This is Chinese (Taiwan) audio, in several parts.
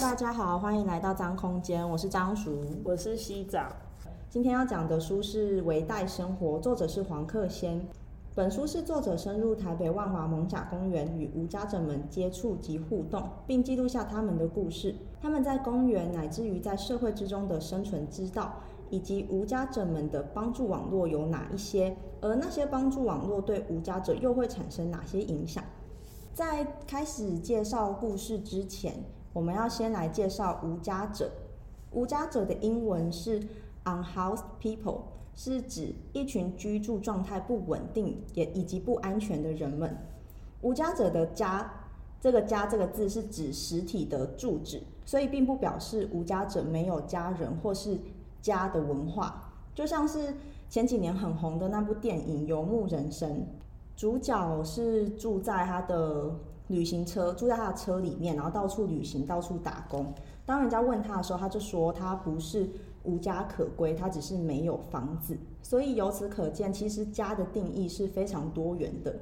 大家好，歡迎來到髒空間。我是張叔，我是西長。今天要講的書是《危殆生活》，作者是黃克先。本書是作者深入台北萬華艋舺公園與無家者們接觸及互動，並記錄下他們的故事。他們在公園乃至於在社會之中的生存之道，以及無家者們的幫助網絡有哪一些，而那些幫助網絡對無家者又會產生哪些影響？在開始介紹故事之前，我們要先來介紹無家者。無家者的英文是 unhoused people，是指一群居住狀態不穩定也以及不安全的人們。無家者的“家”這個“家”這個字是指實體的住址，所以並不表示無家者沒有家人或是家的文化。就像是前幾年很紅的那部電影《遊牧人生》，主角是住在他的旅行車住在他的車裡面，然後到處旅行，到處打工。當人家問他的時候，他就說他不是無家可歸，他只是沒有房子。所以由此可見，其實家的定義是非常多元的。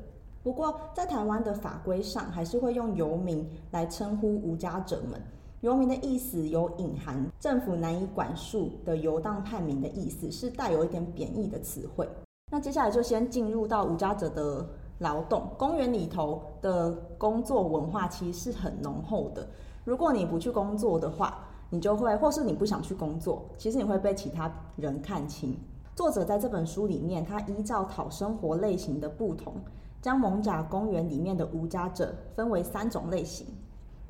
不過在台灣的法規上，還是會用遊民來稱呼無家者們。遊民的意思有隱含政府難以管束的遊蕩叛民的意思，是帶有一點貶義的詞彙。那接下來就先進入到無家者的。勞動。公園裡頭的工作文化其實是很濃厚的。如果你不去工作的話，你就會，或是你不想去工作，其實你會被其他人看輕。作者在這本書裡面，他依照討生活類型的不同，將艋舺公園裡面的無家者分為三種類型：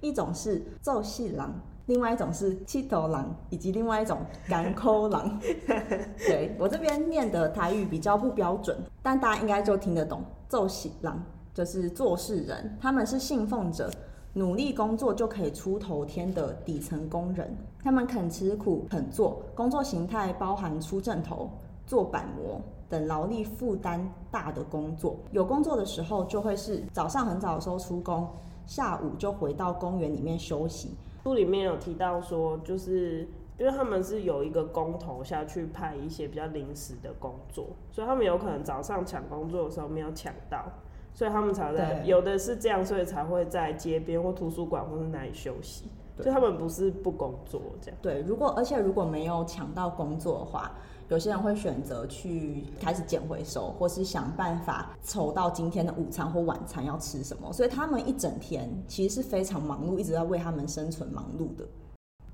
一種是做穡人，另外一種是 𨑨 迌人，以及另外一種艱苦人。 對，我這邊念的台語比較不標準，但大家應該就聽得懂。奏喜郎，就是做事人，他們是信奉著，努力工作就可以出頭天的底層工人，他們肯吃苦、肯做，工作形態包含出陣頭、做板模等勞力負擔大的工作。有工作的時候，就會是早上很早的時候出工，下午就回到公園裡面休息。書裡面有提到說，就是。因為他們是有一個工頭下去派一些比較臨時的工作，所以他們有可能早上搶工作的時候沒有搶到，所以他們才在對有的是這樣，所以才會在街邊或圖書館或是哪裡休息。所以對他們不是不工作這樣。對，如果而且如果沒有搶到工作的話，有些人會選擇去開始撿回收，或是想辦法籌到今天的午餐或晚餐要吃什麼。所以他們一整天其實是非常忙碌，一直在為他們生存忙碌的。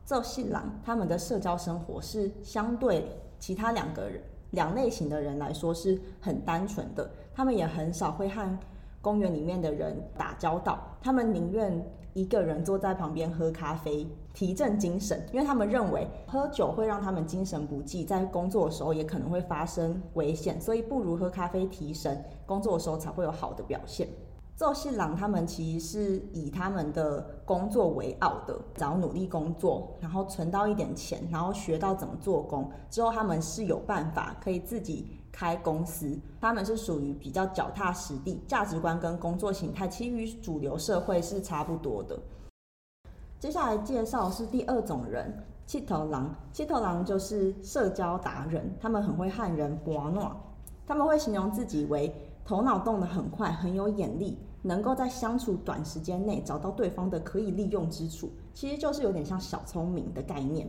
這新郎，他們的社交生活是相對其他兩個人，兩類型的人來說是很單純的，他們也很少會和公園裡面的人打交道，他們寧願一個人坐在旁邊喝咖啡提振精神，因為他們認為喝酒會讓他們精神不濟，在工作的時候也可能會發生危險，所以不如喝咖啡提神，工作的時候才會有好的表現。做事郎，他們其實是以他們的工作為傲的，然後，努力工作，然後存到一點錢，然後學到怎麼做工，之後他們是有辦法可以自己開公司。他們是屬於比較腳踏實地，價值觀跟工作形態，其實與主流社會是差不多的。接下來介紹是第二種人，七頭狼。七頭狼就是社交達人，他們很會害人、博暖，他們會形容自己為，頭腦動得很快，很有眼力，能夠在相處短時間內找到對方的可以利用之處，其實就是有點像小聰明的概念。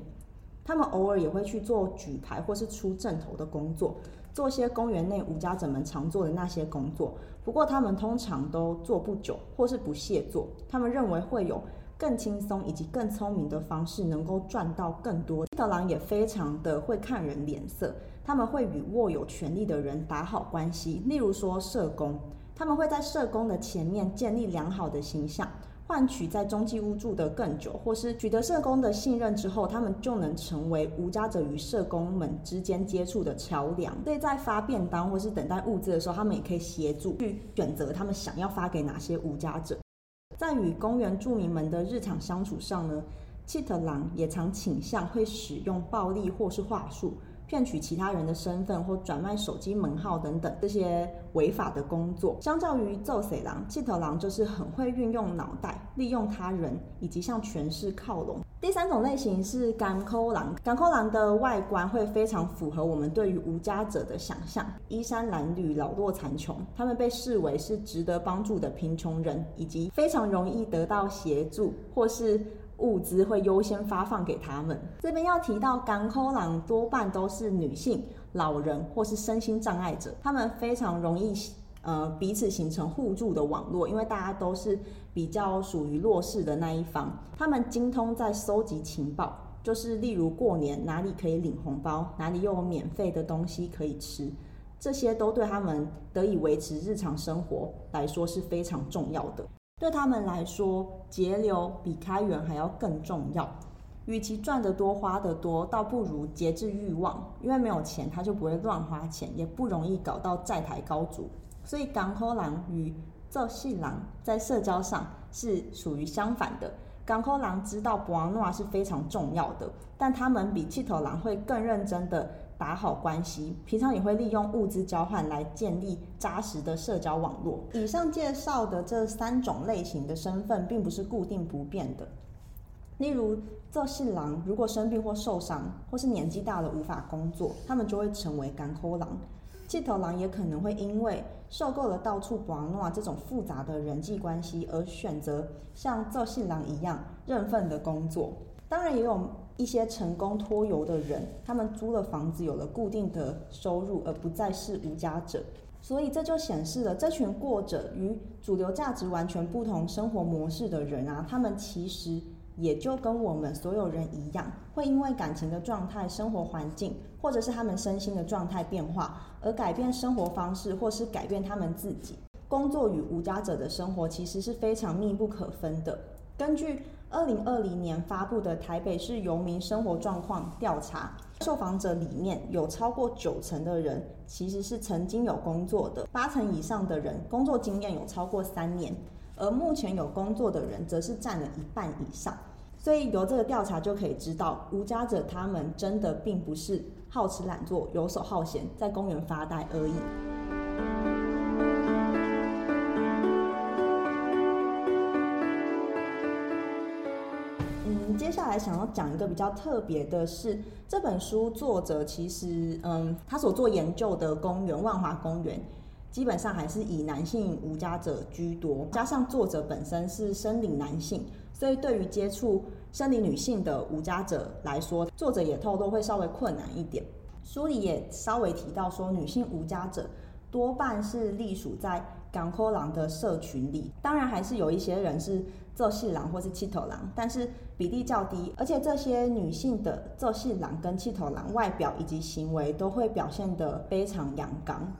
他們偶爾也會去做舉牌或是出陣頭的工作，做些公園內無家者們常做的那些工作。不過他們通常都做不久，或是不屑做。他們認為會有更輕鬆以及更聰明的方式能夠賺到更多。德狼也非常的會看人臉色。他們會與握有權力的人打好關係，例如說社工，他們會在社工的前面建立良好的形象，換取在中繼屋住得更久，或是取得社工的信任之後，他們就能成為無家者與社工們之間接觸的橋樑。所以在發便當或是等待物資的時候，他們也可以協助去選擇他們想要發給哪些無家者。在與公園住民們的日常相處上呢，七特狼也常傾向會使用暴力或是話術。騙取其他人的身份或轉賣手機門號等等，這些違法的工作，相較於做穡人、奇巧人就是很會運用腦袋，利用他人以及向權勢靠攏。第三種類型是甘苦人，甘苦人的外觀會非常符合我們對於無家者的想象，衣衫襤褸、老弱殘窮，他們被視為是值得幫助的貧窮人，以及非常容易得到協助或是。物資會優先發放給他們。這邊要提到，港口浪多半都是女性、老人或是身心障礙者，他們非常容易，呃，彼此形成互助的網絡，因為大家都是比較屬於弱勢的那一方。他們精通在搜集情報，就是例如過年哪裡可以領紅包，哪裡又有免費的東西可以吃，這些都對他們得以維持日常生活來說是非常重要的。對他們來說，節流比開源還要更重要。與其賺得多，花得多，倒不如節制欲望。因為沒有錢，他就不會亂花錢，也不容易搞到債台高築。所以，港口狼與造戲狼在社交上是屬於相反的。港口狼知道博愛是非常重要的，但他們比氣頭狼會更認真的。打好關係，平常也會利用物資交換來建立紮實的社交網絡。以上介紹的這三種類型的身份並不是固定不變的。例如，做信狼如果生病或受傷，或是年紀大了無法工作，他們就會成為乾枯狼。借頭狼也可能會因為受夠了到處玩弄啊這種複雜的人際關係，而選擇像做信狼一樣認份的工作。當然，也有。一些成功脫遊的人，他們租了房子，有了固定的收入，而不再是無家者。所以這就顯示了這群過着與主流價值完全不同生活模式的人啊，他們其實也就跟我們所有人一樣，會因為感情的狀態、生活環境，或者是他們身心的狀態變化而改變生活方式，或是改變他們自己。工作與無家者的生活其實是非常密不可分的。根據。二零二零年發佈的台北市游民生活狀況調查，受訪者裡面有超過九成的人其實是曾經有工作的，八成以上的人工作經驗有超過三年，而目前有工作的人則是佔了一半以上。所以由這個調查就可以知道，無家者他們真的並不是好吃懶做、游手好閒，在公園發呆而已。再來想要講一個比較特別的是，這本書作者其實，嗯，他所做研究的公園萬華公園，基本上還是以男性無家者居多，加上作者本身是生理男性，所以對於接觸生理女性的無家者來說，作者也透露會稍微困難一點。書裡也稍微提到說，女性無家者多半是隸屬在港口狼的社群裡，當然還是有一些人是做細郎或是七頭狼，但是。比例較低，而且這些女性的“作氣狼”跟“氣頭狼”外表以及行為都會表現得非常陽剛。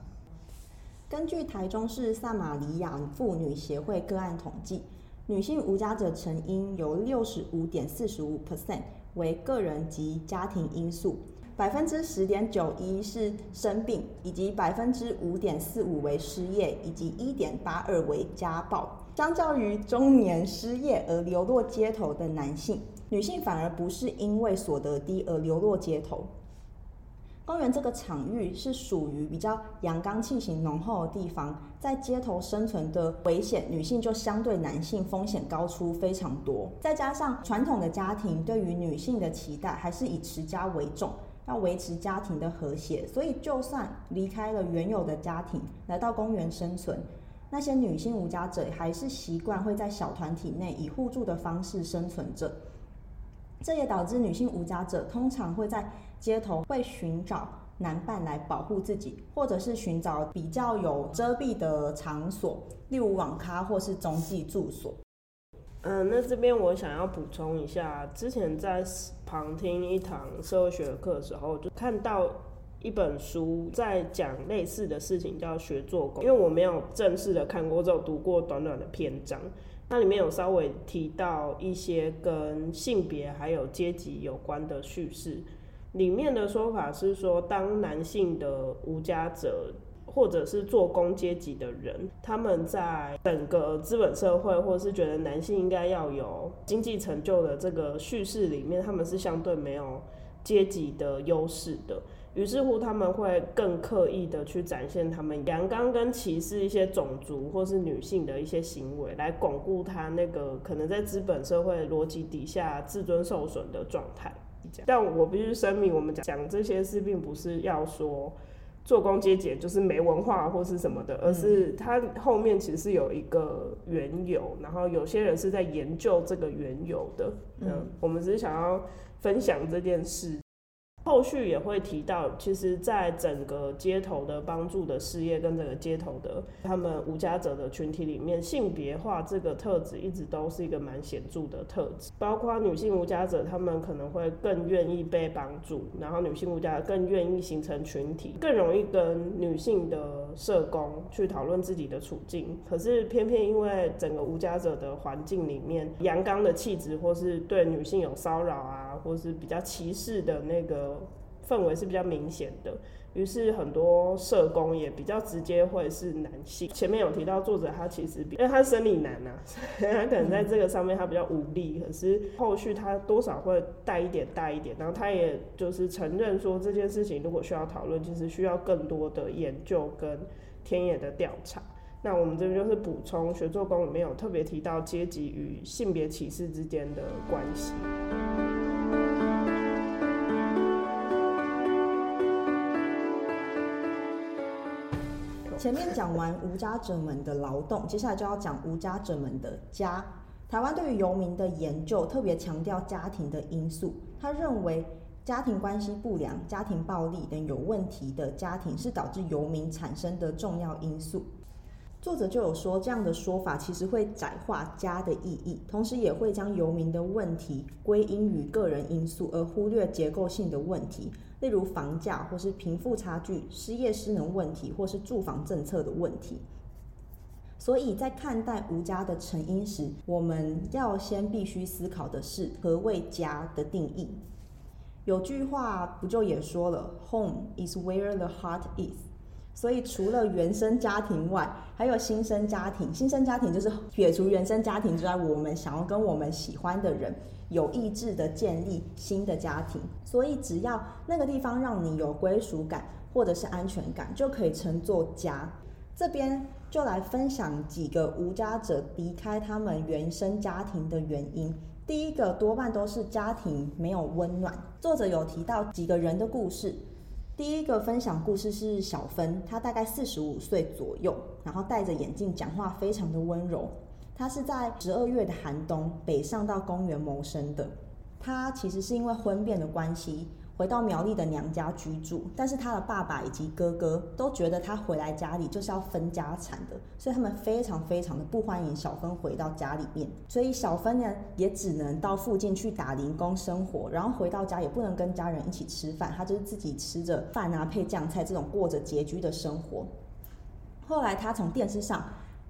根據台中市撒瑪利亞婦女協會個案統計，女性無家者成因有六十五點四十五 percent 為個人及家庭因素，百分之十點九一是生病，以及百分之五點四五為失業，以及一點八二為家暴。相較於中年失業而流落街頭的男性，女性反而不是因為所得低而流落街頭。公園這個場域是屬於比較陽剛氣息濃厚的地方，在街頭生存的危險，女性就相對男性風險高出非常多。再加上傳統的家庭對於女性的期待，還是以持家為重，要維持家庭的和諧，所以就算離開了原有的家庭，來到公園生存。那些女性無家者還是習慣會在小團體內以互助的方式生存着，這也導致女性無家者通常會在街頭會尋找男伴來保護自己，或者是尋找比較有遮蔽的場所，例如網咖或是中介住所。嗯、呃，那這邊我想要補充一下，之前在旁聽一堂社會學課的時候，就看到，一本書在講類似的事情，叫學做工。因為我沒有正式的看過，只有讀過短短的篇章。那裡面有稍微提到一些跟性別還有階級有關的敘事。裡面的說法是說，當男性的無家者或者是做工階級的人，他們在整個資本社會，或者是覺得男性應該要有經濟成就的這個敘事裡面，他們是相對沒有階級的優勢的。於是乎，他們會更刻意的去展現他們陽剛跟歧視一些種族或是女性的一些行為，來鞏固他那個可能在資本社會邏輯底下自尊受損的狀態。但我必須聲明，我們講講這些事，並不是要說做工階級就是沒文化或是什麼的，而是他後面其實是有一個緣由，然後有些人是在研究這個緣由的。嗯，我們只是想要分享這件事。後續也會提到，其實，在整個街頭的幫助的事業跟整個街頭的他們無家者的群體裡面，性別化這個特質一直都是一個蠻顯著的特質。包括女性無家者，他們可能會更願意被幫助，然後女性無家更願意形成群體，更容易跟女性的社工去討論自己的處境。可是，偏偏因為整個無家者的環境裡面，陽剛的氣質或是對女性有騷擾啊，或是比較歧視的那個。氛圍是比較明顯的，於是很多社工也比較直接，會是男性。前面有提到作者他其實比，比因為他生理男啊，他可能在這個上面他比較無力， 可是後續他多少會帶一點、帶一點。然後他也就是承認說，這件事情如果需要討論，其實需要更多的研究跟田野的調查。那我們這邊就是補充，學做工裡面有特別提到階級與性別歧視之間的關係。前面講完無家者們的勞動，接下來就要講無家者們的家。台灣對於遊民的研究特別強調家庭的因素，他認為家庭關係不良、家庭暴力等有問題的家庭是導致遊民產生的重要因素。作者就有說，這樣的說法其實會窄化家的意義，同時也會將遊民的問題歸因於個人因素，而忽略結構性的問題。例如房價，或是貧富差距、失業失能問題，或是住房政策的問題。所以在看待無家的成因時，我們要先必須思考的是何謂「家」的定義。有句話不就也說了：“Home is where the heart is。”所以，除了原生家庭外，還有新生家庭。新生家庭就是撇除原生家庭之外，我們想要跟我們喜歡的人有意志的建立新的家庭。所以，只要那個地方讓你有歸屬感或者是安全感，就可以稱作家。這邊就來分享幾個無家者離開他們原生家庭的原因。第一個多半都是家庭沒有溫暖。作者有提到幾個人的故事。第一個分享故事是小芬，她大概四十五歲左右，然後戴着眼鏡，講話非常的溫柔。她是在十二月的寒冬北上到公園謀生的。她其實是因為婚變的關係。回到苗栗的娘家居住，但是他的爸爸以及哥哥都覺得他回來家裡就是要分家產的，所以他們非常非常的不歡迎小芬回到家裡面。所以小芬呢也只能到附近去打零工生活，然後回到家也不能跟家人一起吃飯，他就是自己吃着飯啊配醬菜這種過着拮據的生活。後來他從電視上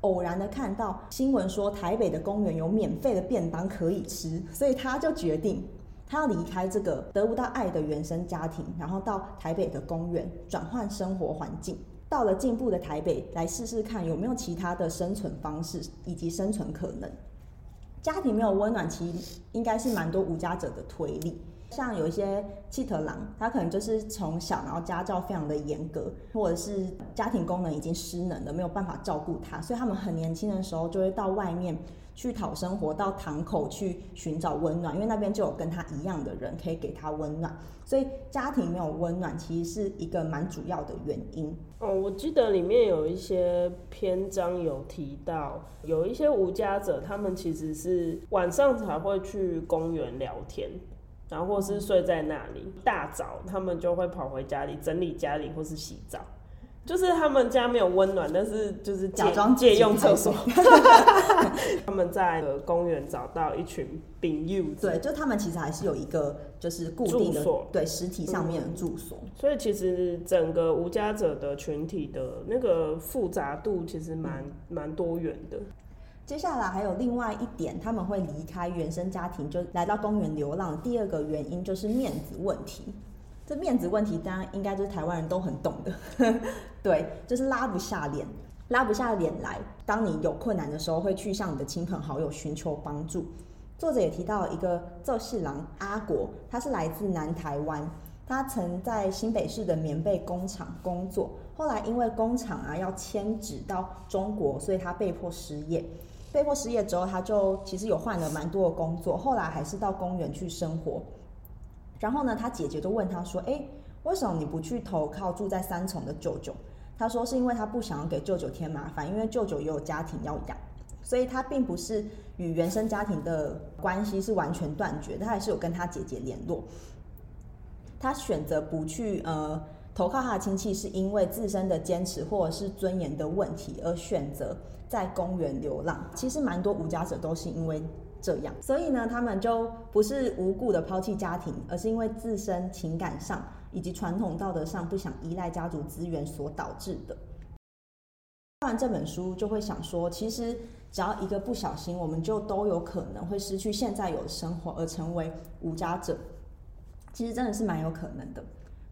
偶然的看到新聞說台北的公園有免費的便當可以吃，所以他就決定。他要離開這個得不到愛的原生家庭，然後到台北的公園轉換生活環境，到了進步的台北來試試看有沒有其他的生存方式以及生存可能。家庭沒有溫暖，其實應該是蠻多無家者的推力。像有一些棄特狼，他可能就是從小，然後家教非常的嚴格，或者是家庭功能已經失能的，沒有辦法照顧他。所以他們很年輕的時候就會到外面去討生活，到堂口去尋找溫暖，因為那邊就有跟他一樣的人可以給他溫暖，所以家庭沒有溫暖其實是一個蠻主要的原因。哦，我記得裡面有一些篇章有提到，有一些無家者，他們其實是晚上才會去公園聊天。然後或是睡在那裡，大早他們就會跑回家裡整理家裡或是洗澡，就是他們家沒有溫暖，但是就是假裝借用廁所。 他們在公園找到一群病友，對，就他們其實還是有一個就是固定的住所，對，實體上面的住所，嗯。所以其實整個無家者的群體的那個複雜度其實蠻蠻、嗯、多元的。接下來還有另外一點，他們會離開原生家庭，就來到公園流浪。第二個原因就是面子問題。這面子問題，當然應該就是台灣人都很懂的呵呵，對，就是拉不下臉，拉不下臉來。當你有困難的時候，會去向你的親朋好友尋求幫助。作者也提到一個造世郎阿國，他是來自南台灣，他曾在新北市的棉被工廠工作，後來因為工廠啊要遷址到中國，所以他被迫失業。被迫失業之後，他就其實有換了蠻多的工作，後來還是到公園去生活。然後呢，他姐姐就問他說：“誒，為什麼你不去投靠住在三重的舅舅？”他說：“是因為他不想要給舅舅添麻煩，因為舅舅也有家庭要養，所以他並不是與原生家庭的關係是完全斷絕的，他還是有跟他姐姐聯絡。他選擇不去呃。”投靠他的親戚，是因為自身的堅持或者是尊嚴的問題而選擇在公園流浪。其實蠻多無家者都是因為這樣，所以呢，他們就不是無故的拋棄家庭，而是因為自身情感上以及傳統道德上不想依賴家族資源所導致的。看完這本書，就會想說，其實只要一個不小心，我們就都有可能會失去現在有的生活而成為無家者。其實真的是蠻有可能的。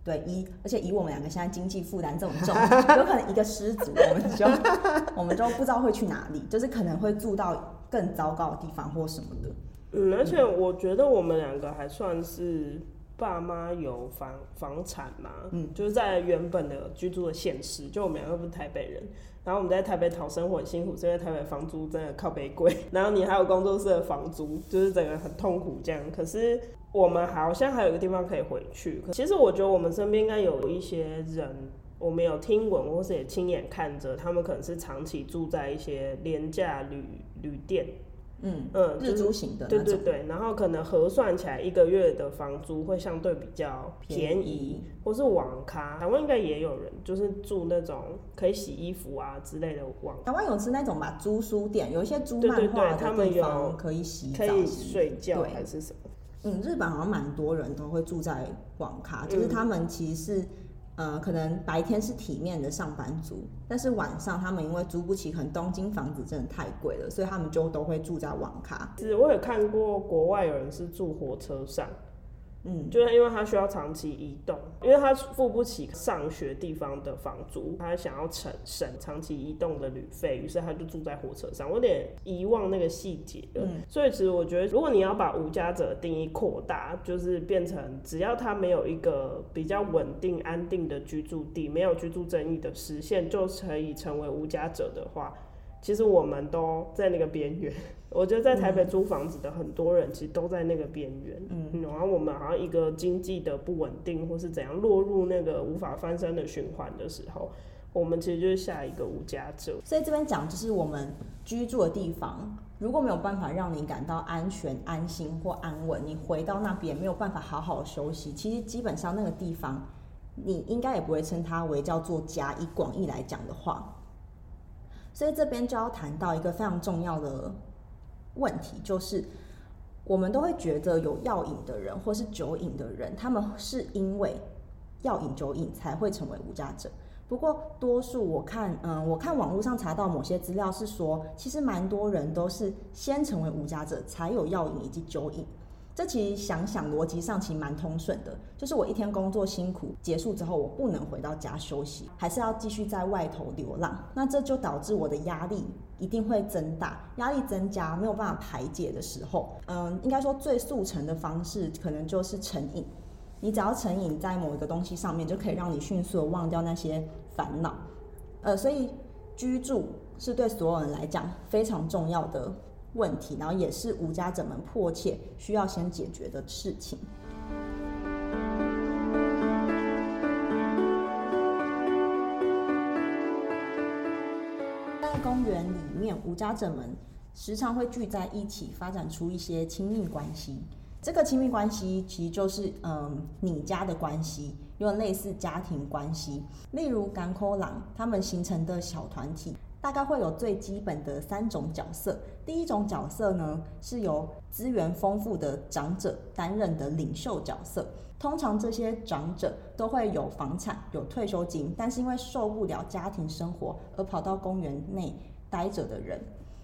對，一而且以我們兩個現在經濟負擔這麼重，有可能一個失足，我們就 我們就不知道會去哪裡，就是可能會住到更糟糕的地方或什麼的。嗯，而且我覺得我們兩個還算是爸媽有房房產嘛，嗯，就是在原本的居住的縣市，就我們兩個不是台北人，然後我們在台北討生活很辛苦，所以在台北房租真的靠北貴，然後你還有工作室的房租，就是整個很痛苦這樣。可是。我們好像還有一個地方可以回去。可其實我覺得我們身邊應該有一些人，我們有聽聞或是也親眼看着，他們可能是長期住在一些廉價旅旅店，嗯嗯，日租型的，嗯就是、對對對。然後可能核算起來一個月的房租會相對比較便宜，便宜或是網咖，台灣應該也有人就是住那種可以洗衣服啊之類的網。台灣有吃那種吧，租書店，有一些租漫畫他們有可以洗是是，可以睡覺還是什麼。嗯，日本好像蠻多人都會住在網咖，就、嗯、是他們其實是呃，可能白天是體面的上班族，但是晚上他們因為租不起，可能東京房子真的太貴了，所以他們就都會住在網咖。其實我有看過國外有人是住火車上。嗯，就是因為他需要長期移動，因為他付不起上學地方的房租，他想要省省長期移動的旅費，於是他就住在火車上。我有點遺忘那個細節了，嗯，所以其實我覺得，如果你要把無家者定義擴大，就是變成只要他沒有一個比較穩定安定的居住地，沒有居住正義的實現，就可以成為無家者的話。其實我們都在那個邊緣，我覺得在台北租房子的很多人其實都在那個邊緣。嗯，然後我們好像一個經濟的不穩定或是怎樣，落入那個無法翻身的循環的時候，我們其實就是下一個無家者。所以這邊講就是我們居住的地方，如果沒有辦法讓你感到安全、安心或安穩，你回到那邊沒有辦法好好休息，其實基本上那個地方你應該也不會稱它為叫做家。以廣義來講的話。所以這邊就要談到一個非常重要的問題，就是我們都會覺得有藥癮的人或是酒癮的人，他們是因為藥癮、酒癮才會成為無家者。不過，多數我看，嗯，我看網絡上查到某些資料是說，其實蠻多人都是先成為無家者，才有藥癮以及酒癮。這其實想想邏輯上其實蠻通順的，就是我一天工作辛苦結束之後，我不能回到家休息，還是要繼續在外頭流浪。那這就導致我的壓力一定會增大。壓力增加沒有辦法排解的時候，嗯，應該說最速成的方式可能就是成癮。你只要成癮在某一個東西上面，就可以讓你迅速的忘掉那些煩惱。呃、嗯，所以居住是對所有人來講非常重要的問題，然後也是無家者們迫切需要先解決的事情。在公園裡面，無家者們時常會聚在一起，發展出一些親密關係。這個親密關係其實就是嗯，擬家的關係，有類似家庭關係，例如港口狼他們形成的小團體。大概會有最基本的三種角色。第一種角色呢，是由資源豐富的長者擔任的領袖角色。通常這些長者都會有房產、有退休金，但是因為受不了家庭生活而跑到公園內待着的人，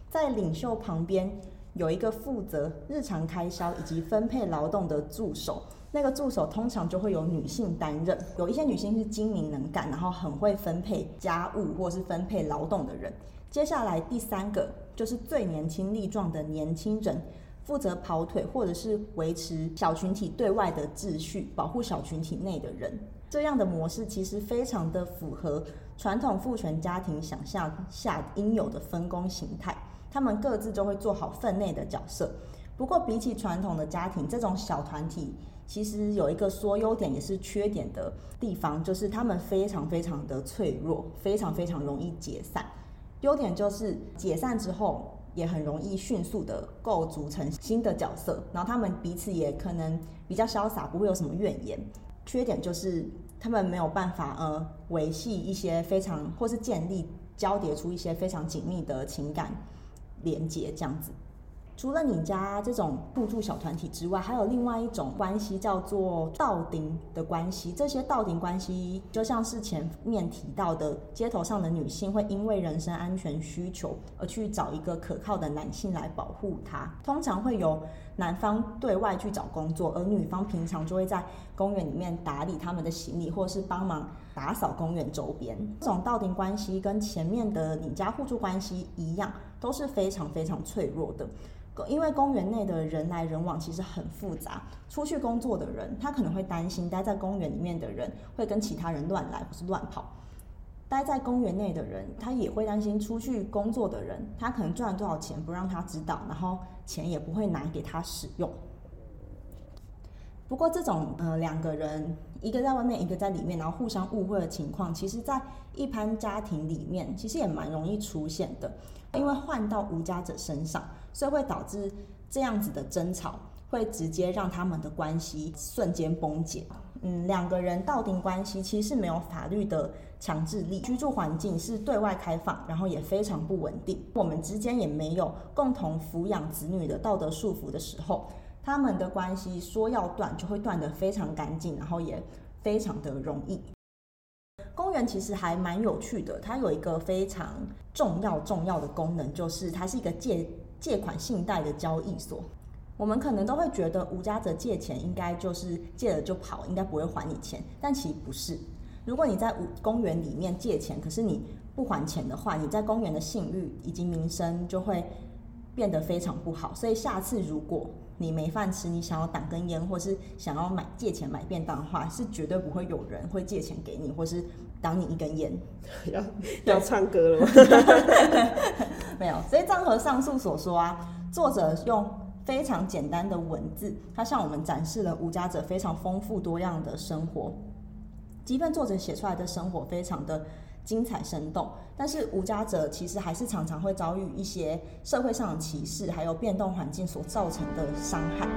在領袖旁邊有一個負責日常開銷以及分配勞動的助手。那個助手通常就會有女性擔任，有一些女性是精明能幹，然後很會分配家務或是分配勞動的人。接下來第三個就是最年輕力壯的年輕人，負責跑腿或者是維持小群體對外的秩序，保護小群體內的人。這樣的模式其實非常的符合傳統父權家庭想象下應有的分工形態，他們各自就會做好分內的角色。不過比起傳統的家庭，這種小團體其實有一個說優點也是缺點的地方，就是他們非常非常的脆弱，非常非常容易解散。優點就是解散之後也很容易迅速的構組成新的角色，然後他們彼此也可能比較瀟灑，不會有什麼怨言。缺點就是他們沒有辦法呃維繫一些非常或是建立交疊出一些非常緊密的情感連接這樣子。除了擬家這種互助小團體之外，還有另外一種關係叫做鬥陣的關係。這些鬥陣關係就像是前面提到的街頭上的女性會因為人身安全需求而去找一個可靠的男性來保護她，通常會由男方對外去找工作，而女方平常就會在公園裡面打理他們的行李，或者是幫忙打掃公園周邊。這種鬥陣關係跟前面的擬家互助關係一樣，都是非常非常脆弱的。因為公園內的人來人往，其實很複雜。出去工作的人，他可能會擔心待在公園裡面的人會跟其他人亂來或是亂跑；待在公園內的人，他也會擔心出去工作的人，他可能賺了多少錢不讓他知道，然後錢也不會拿給他使用。不過，這種呃兩個人一個在外面，一個在裡面，然後互相誤會的情況，其實在一般家庭裡面其實也蠻容易出現的。因為換到無家者身上。所以會導致這樣子的爭吵，會直接讓他們的關係瞬間崩解。嗯，兩個人擬家關係其實是沒有法律的強制力，居住環境是對外開放，然後也非常不穩定。我們之間也沒有共同撫養子女的道德束縛的時候，他們的關係說要斷就會斷得非常乾淨，然後也非常的容易。公園其實還蠻有趣的，它有一個非常重要重要的功能，就是它是一個借借款信貸的交易所，我們可能都會覺得無家者借錢應該就是借了就跑，應該不會還你錢。但其實不是，如果你在公園裡面借錢，可是你不還錢的話，你在公園的信譽以及名聲就會變得非常不好。所以下次如果你沒飯吃，你想要擋根煙，或是想要買借錢買便當的話，是絕對不會有人會借錢給你，或是擋你一根煙。要要唱歌了嗎？對 沒有，所以綜合上述所說啊，作者用非常簡單的文字，他向我們展示了無家者非常豐富多樣的生活。即便作者寫出來的生活非常的精彩生動，但是無家者其實還是常常會遭遇一些社會上的歧視，還有變動環境所造成的傷害。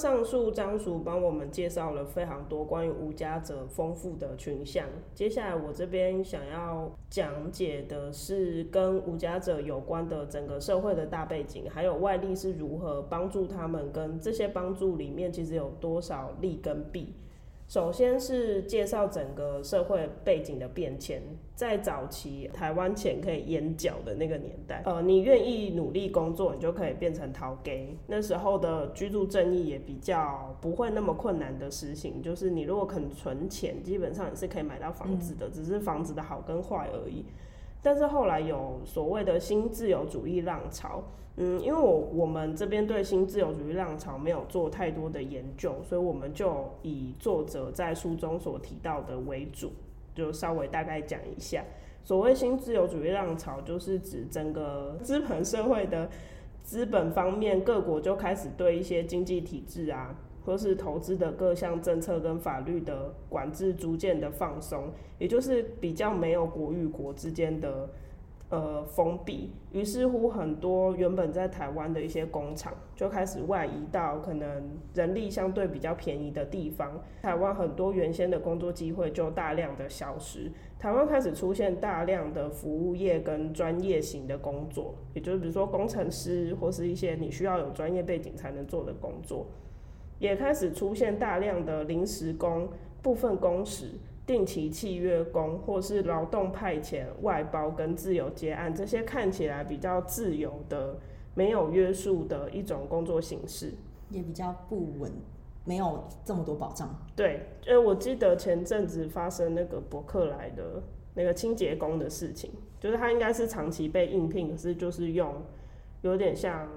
上述張叔幫我們介紹了非常多關於無家者豐富的群像。接下來我這邊想要講解的是跟無家者有關的整個社會的大背景，還有外力是如何幫助他們，跟這些幫助裡面其實有多少利跟弊。首先是介紹整個社會背景的變遷，在早期台灣錢可以淹腳的那個年代，呃，你願意努力工作，你就可以變成淘 g 那時候的居住正義也比較不會那麼困難的實行，就是你如果肯存錢，基本上也是可以買到房子的，只是房子的好跟壞而已。但是後來有所謂的新自由主義浪潮，嗯，因為我我們這邊對新自由主義浪潮沒有做太多的研究，所以我們就以作者在書中所提到的為主，就稍微大概講一下，所謂新自由主義浪潮，就是指整個資本社會的資本方面，各國就開始對一些經濟體制啊。或是投資的各項政策跟法律的管制逐漸的放鬆，也就是比較沒有國與國之間的呃封閉，於是乎很多原本在台灣的一些工廠就開始外移到可能人力相對比較便宜的地方，台灣很多原先的工作機會就大量的消失，台灣開始出現大量的服務業跟專業型的工作，也就是比如說工程師或是一些你需要有專業背景才能做的工作。也開始出現大量的臨時工、部分工時、定期契約工，或是勞動派遣、外包跟自由接案這些看起來比較自由的、沒有約束的一種工作形式，也比較不穩，沒有這麼多保障。對，呃，我記得前陣子發生那個博客來的那個清潔工的事情，就是他應該是長期被應聘，是就是用有點像。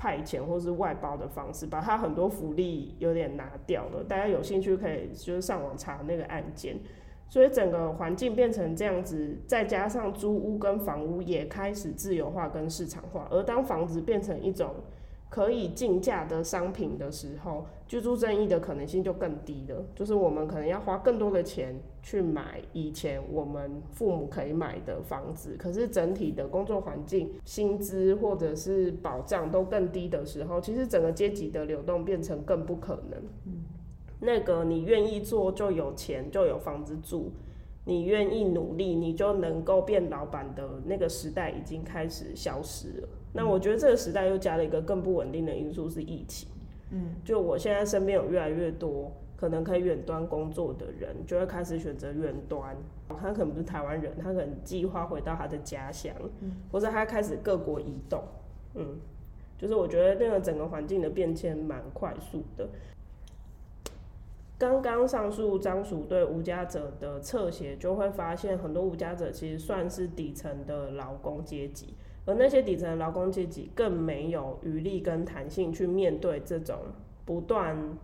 派遣或是外包的方式，把它很多福利有點拿掉了。大家有興趣可以就是上網查那個案件，所以整個環境變成這樣子，再加上租屋跟房屋也開始自由化跟市場化，而當房子變成一種。可以競價的商品的時候，居住正義的可能性就更低了。就是我們可能要花更多的錢去買以前我們父母可以買的房子，可是整體的工作環境、薪資或者是保障都更低的時候，其實整個階級的流動變成更不可能。嗯，那個你願意做就有錢，就有房子住。你願意努力，你就能夠變老板的那個時代，已經開始消失了。那我覺得這個時代又加了一個更不穩定的因素是疫情。嗯，就我現在身邊有越來越多可能可以遠端工作的人，就會開始選擇遠端。他可能不是台灣人，他可能計劃回到他的家鄉，嗯，或者他開始各國移動。嗯，就是我覺得那個整個環境的變遷蠻快速的。剛剛上述張署對無家者的側寫，就會發現很多無家者其實算是底層的勞工階級，而那些底層的勞工階級更沒有餘力跟彈性去面對這種不斷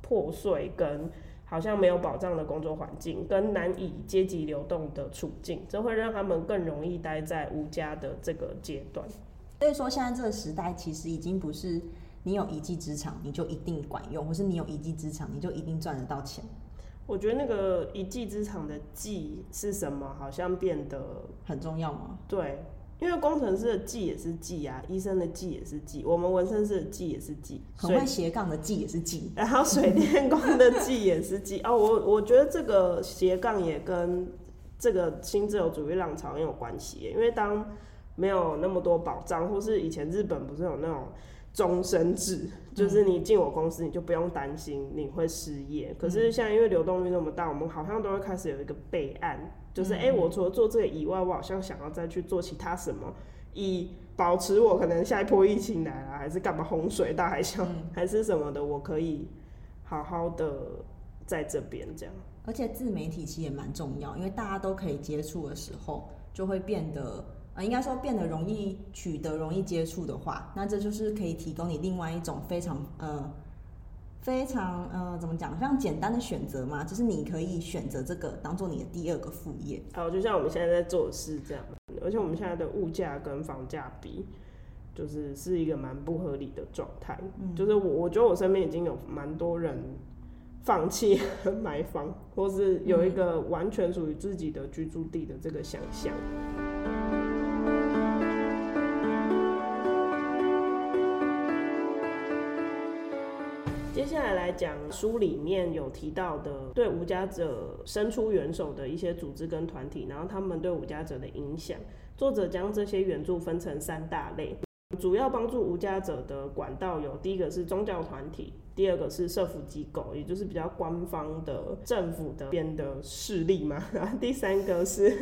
破碎跟好像沒有保障的工作環境，跟難以階級流動的處境，這會讓他們更容易待在無家的這個階段。所以說，現在這個時代其實已經不是。你有一技之長，你就一定管用，或是你有一技之長，你就一定賺得到錢。我覺得那個一技之長的“技”是什麼，好像變得很重要嗎？對，因為工程師的“技”也是技啊，醫生的“技”也是技，我們紋身師的“技”也是技，所以很斜槓的“技”也是技，然後水電工的“技”也是技。 哦，我我覺得這個斜槓也跟這個新自由主義浪潮很有關係，因為當沒有那麼多保障，或是以前日本不是有那種。終身制就是你進我公司，你就不用擔心你會失業。嗯、可是現在因為流動率那麼大，我們好像都會開始有一個備案，就是哎、嗯欸，我除了做這個以外，我好像想要再去做其他什麼，以保持我可能下一波疫情來了、啊、還是幹嘛洪水大海嘯、嗯、還是什麼的，我可以好好的在這邊這樣。而且自媒體其實也蠻重要，因為大家都可以接觸的時候，就會變得。應該說變得容易取得，容易接觸的話，那這就是可以提供你另外一種非常呃非常呃怎麼講，非常簡單的選擇嘛，就是你可以選擇這個當做你的第二個副業。哦，就像我們現在在做的事這樣，而且我們現在的物價跟房價比，就是是一個蠻不合理的狀態。嗯，就是我我覺得我身邊已經有蠻多人放棄 買房，或是有一個完全屬於自己的居住地的這個想象。再來講書裡面有提到的對無家者伸出援手的一些組織跟團體，然後他們對無家者的影響，作者將這些援助分成三大類，主要幫助無家者的管道有，第一個是宗教團體，第二個是社福機構，也就是比較官方的政府的邊的勢力嘛，然後第三個是，為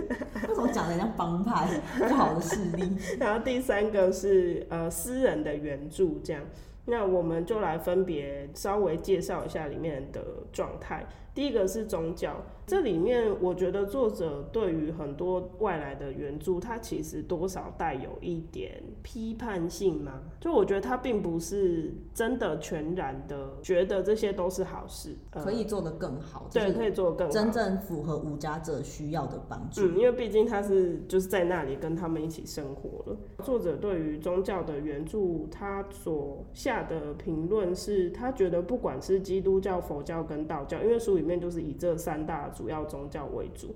什麼講人家幫派不好的勢力， 然後第三個是呃私人的援助這樣。那我們就來分別稍微介紹一下裡面的狀態。第一個是宗教，這裡面我覺得作者對於很多外來的援助，他其實多少帶有一點批判性嘛。就我覺得他並不是真的全然的覺得這些都是好事，呃、可以做得更好。對，可以做得更好。真正符合無家者需要的幫助。嗯，因為畢竟他是就是在那裡跟他們一起生活了。作者對於宗教的援助，他所下的評論是他覺得不管是基督教、佛教跟道教，因為屬於。裡面就是以這三大主要宗教為主，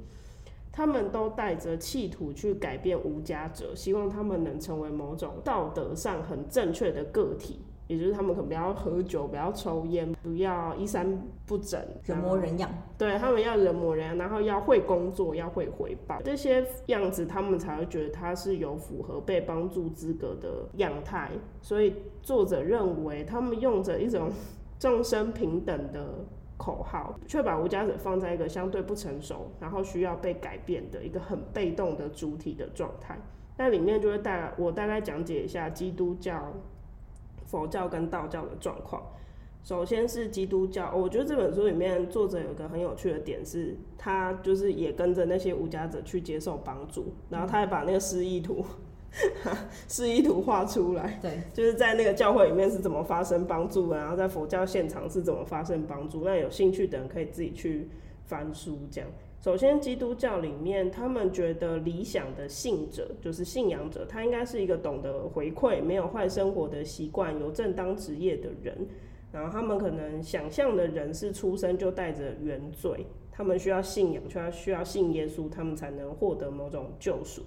他們都帶着企圖去改變無家者，希望他們能成為某種道德上很正確的個體，也就是他們可不要喝酒，不要抽菸，不要衣衫不整，人模人樣。對，他們要人模人樣，然後要會工作，要會回報這些樣子，他們才會覺得他是有符合被幫助資格的樣態。所以作者認為，他們用着一種眾生平等的。口號，卻把無家者放在一個相對不成熟，然後需要被改變的一個很被動的主體的狀態。那裡面就會帶我大概講解一下基督教、佛教跟道教的狀況。首先是基督教，哦，我覺得這本書裡面作者有一個很有趣的點是，他就是也跟着那些無家者去接受幫助，然後他還把那個示意圖。哈，示意圖畫出來，對，就是在那個教會裡面是怎麼發生幫助的，然後在佛教現場是怎麼發生幫助。那有興趣的人可以自己去翻書這樣。首先，基督教裡面他們覺得理想的信者就是信仰者，他應該是一個懂得回饋、沒有壞生活的習慣、有正當職業的人。然後他們可能想象的人是出生就帶着原罪，他們需要信仰，需要需要信耶穌，他們才能獲得某種救贖。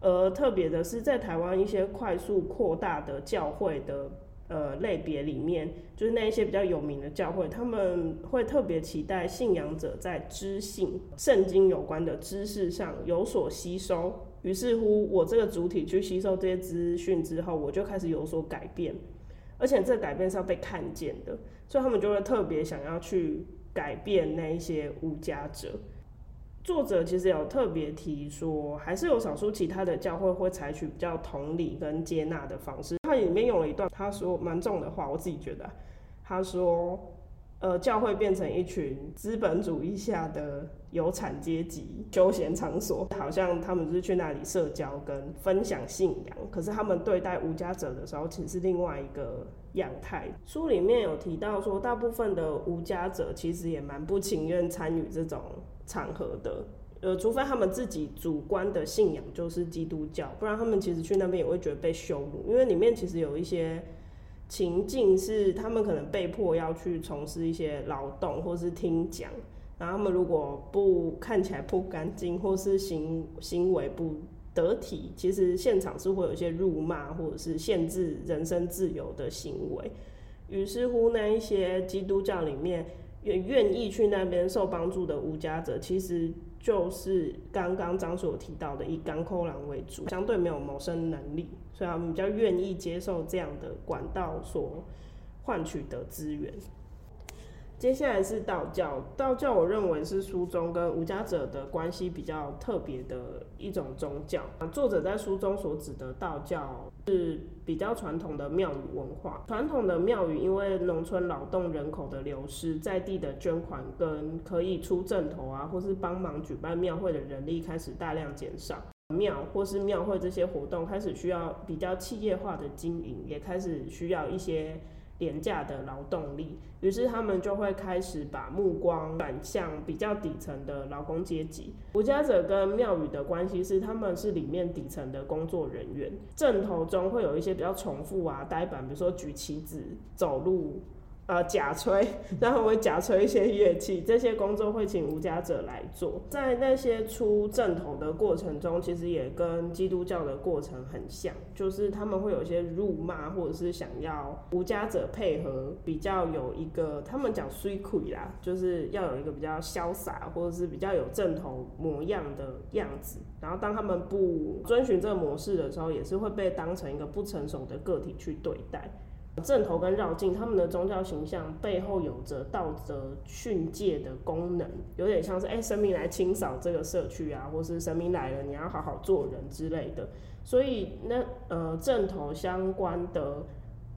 呃，而特別的是，在台灣一些快速擴大的教會的呃類別裡面，就是那一些比較有名的教會，他們會特別期待信仰者在知性、聖經有關的知識上有所吸收。於是乎，我這個主體去吸收這些資訊之後，我就開始有所改變，而且這個改變是要被看見的，所以他們就會特別想要去改變那一些無家者。作者其實有特別提說，還是有少數其他的教會會採取比較同理跟接納的方式。他裡面有了一段他說蠻重的話，我自己覺得，啊，他說，呃，教會變成一群資本主義下的有產階級休閒場所，好像他們是去那裡社交跟分享信仰，可是他們對待無家者的時候，其實是另外一個樣態。書裡面有提到說，大部分的無家者其實也蠻不情願參與這種。場合的，呃，除非他們自己主觀的信仰就是基督教，不然他們其實去那邊也會覺得被羞辱，因為裡面其實有一些情境是他們可能被迫要去從事一些勞動，或是聽講，然後他們如果不看起來不乾淨，或是行行為不得體，其實現場是會有一些辱罵或者是限制人身自由的行為。於是乎，那一些基督教裡面，也願意去那邊受幫助的無家者，其實就是剛剛張所提到的以甘苦郎為主，相對沒有謀生能力，所以他們比較願意接受這樣的管道所換取的資源。接下來是道教，道教我認為是書中跟無家者的關係比較特別的一種宗教。作者在書中所指的道教是比較傳統的廟宇文化。傳統的廟宇因為農村勞動人口的流失，在地的捐款跟可以出陣頭啊，或是幫忙舉辦廟會的人力開始大量減少，廟或是廟會這些活動開始需要比較企業化的經營，也開始需要一些廉價的勞動力，於是他們就會開始把目光轉向比較底層的勞工階級。無家者跟廟宇的關係是，他們是裡面底層的工作人員。陣頭中會有一些比較重複啊、呆板，比如說舉旗子、走路。呃，假吹，然後會假吹一些樂器，這些工作會請無家者來做。在那些出正統的過程中，其實也跟基督教的過程很像，就是他們會有一些辱罵，或者是想要無家者配合，比較有一個他們講 “secret” 啦，就是要有一個比較瀟灑，或者是比較有正統模樣的樣子。然後當他們不遵循這個模式的時候，也是會被當成一個不成熟的個體去對待。陣頭跟繞境，他們的宗教形象背後有着道德訓誡的功能，有點像是哎、欸，神明來清掃這個社區啊，或是神明來了，你要好好做人之類的。所以，那呃，陣頭相關的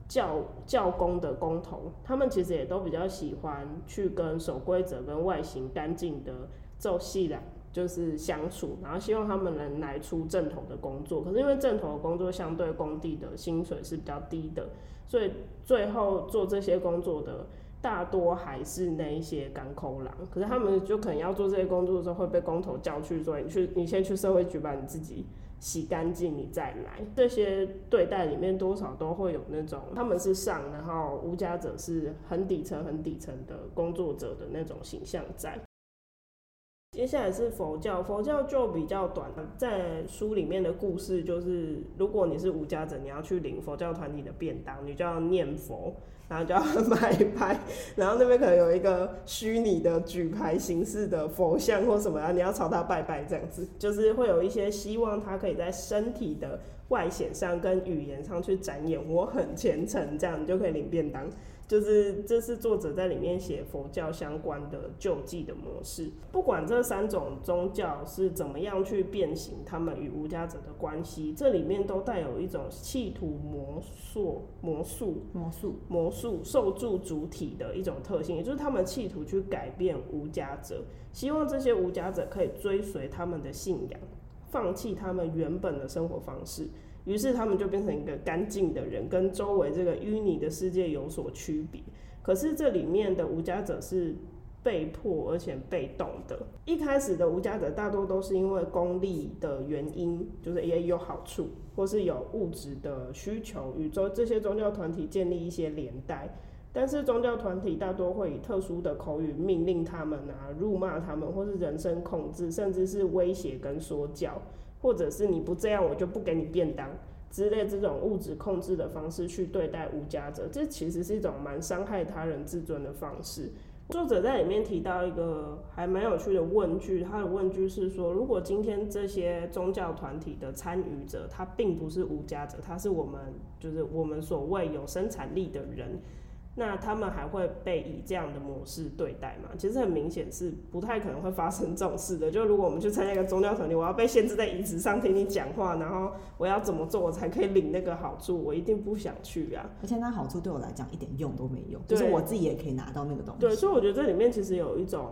教教工的工頭，他們其實也都比較喜歡去跟守規則、跟外形乾淨的做系人就是相處，然後希望他們能來出陣頭的工作。可是，因為陣頭的工作相對工地的薪水是比較低的。所以最後做這些工作的大多還是那一些港口狼，可是，他們就可能要做這些工作的時候會被工頭叫去說，所以你去你先去社會局把你自己洗乾淨，你再來。這些對待裡面多少都會有那種他們是上，然後無家者是很底層、很底層的工作者的那種形象在。接下來是佛教，佛教就比較短，在書裡面的故事就是，如果你是無家者，你要去領佛教團體的便當，你就要念佛，然後就要拜拜，然後那邊可能有一個虛擬的舉牌形式的佛像或什麼啊，你要朝他拜拜這樣子，就是會有一些希望他可以在身體的外顯上跟語言上去展演我很虔誠，這樣你就可以領便當。就是這、就是作者在裡面寫佛教相關的救濟的模式，不管這三種宗教是怎麼樣去變形，他們與無家者的關係，這裡面都帶有一種企圖魔術、魔術、魔術、魔術受助主體的一種特性，也就是他們企圖去改變無家者，希望這些無家者可以追隨他們的信仰，放棄他們原本的生活方式。於是他們就變成一個乾淨的人，跟周圍這個淤泥的世界有所區別。可是這裡面的無家者是被迫而且被動的。一開始的無家者大多都是因為功利的原因，就是也有好處，或是有物質的需求，與這些宗教團體建立一些連帶。但是宗教團體大多會以特殊的口語命令他們啊，辱罵他們，或是人身控制，甚至是威脅跟說教。或者是你不這樣，我就不給你便當之類這種物質控制的方式去對待無家者，這其實是一種蠻傷害他人自尊的方式。作者在裡面提到一個還蠻有趣的問句，他的問句是說：如果今天這些宗教團體的參與者，他並不是無家者，他是我們，就是我們所謂有生產力的人。那他們還會被以這樣的模式對待嗎？其實很明顯是不太可能會發生這種事的。就如果我們去參加一個宗教團體，我要被限制在椅子上聽你講話，然後我要怎麼做我才可以領那個好處？我一定不想去啊！而且那好處對我來講一點用都沒有，對就是我自己也可以拿到那個東西。對，所以我覺得這裡面其實有一種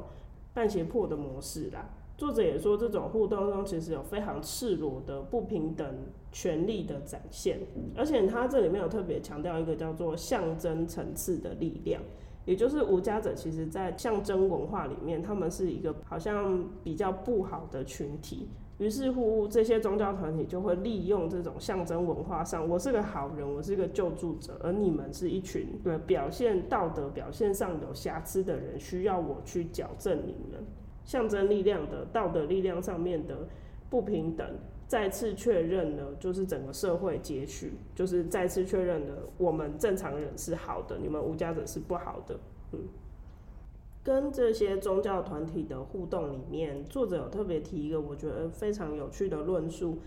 半脅迫的模式啦。作者也說，這種互動中其實有非常赤裸的不平等權力的展現，而且他這裡面有特別強調一個叫做象徵層次的力量，也就是無家者其實，在象徵文化裡面，他們是一個好像比較不好的群體，於是乎這些宗教團體就會利用這種象徵文化上，我是個好人，我是個救助者，而你們是一群表現道德表現上有瑕疵的人，需要我去矯正你們。象徵力量的道德力量上面的不平等，再次確認了，就是整個社會階級，就是再次確認了我們正常人是好的，你們無家者是不好的。嗯，跟這些宗教團體的互動裡面，作者有特別提一個我覺得非常有趣的論述。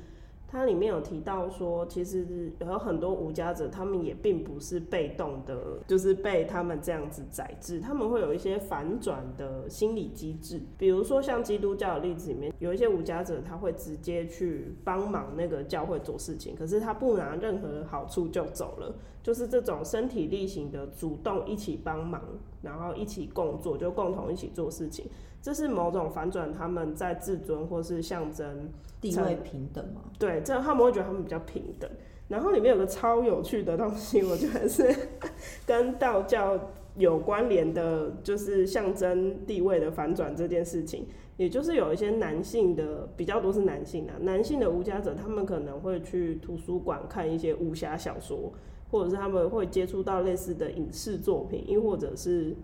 它裡面有提到說，其實有很多無家者，他們也並不是被動的，就是被他們這樣子宰制，他們會有一些反轉的心理機制。比如說像基督教的例子裡面，有一些無家者，他會直接去幫忙那個教會做事情，可是他不拿任何好處就走了，就是這種身體力行的主動一起幫忙，然後一起共作，就共同一起做事情。這是某種反轉，他們在自尊或是象徵地位平等嗎？對，這樣他們會覺得他們比較平等。然後裡面有個超有趣的東西，我覺得是跟道教有關聯的，就是象徵地位的反轉這件事情。也就是有一些男性的，比較多是男性的、啊，男性的無家者，他們可能會去圖書館看一些武俠小說，或者是他們會接觸到類似的影視作品，亦或者是。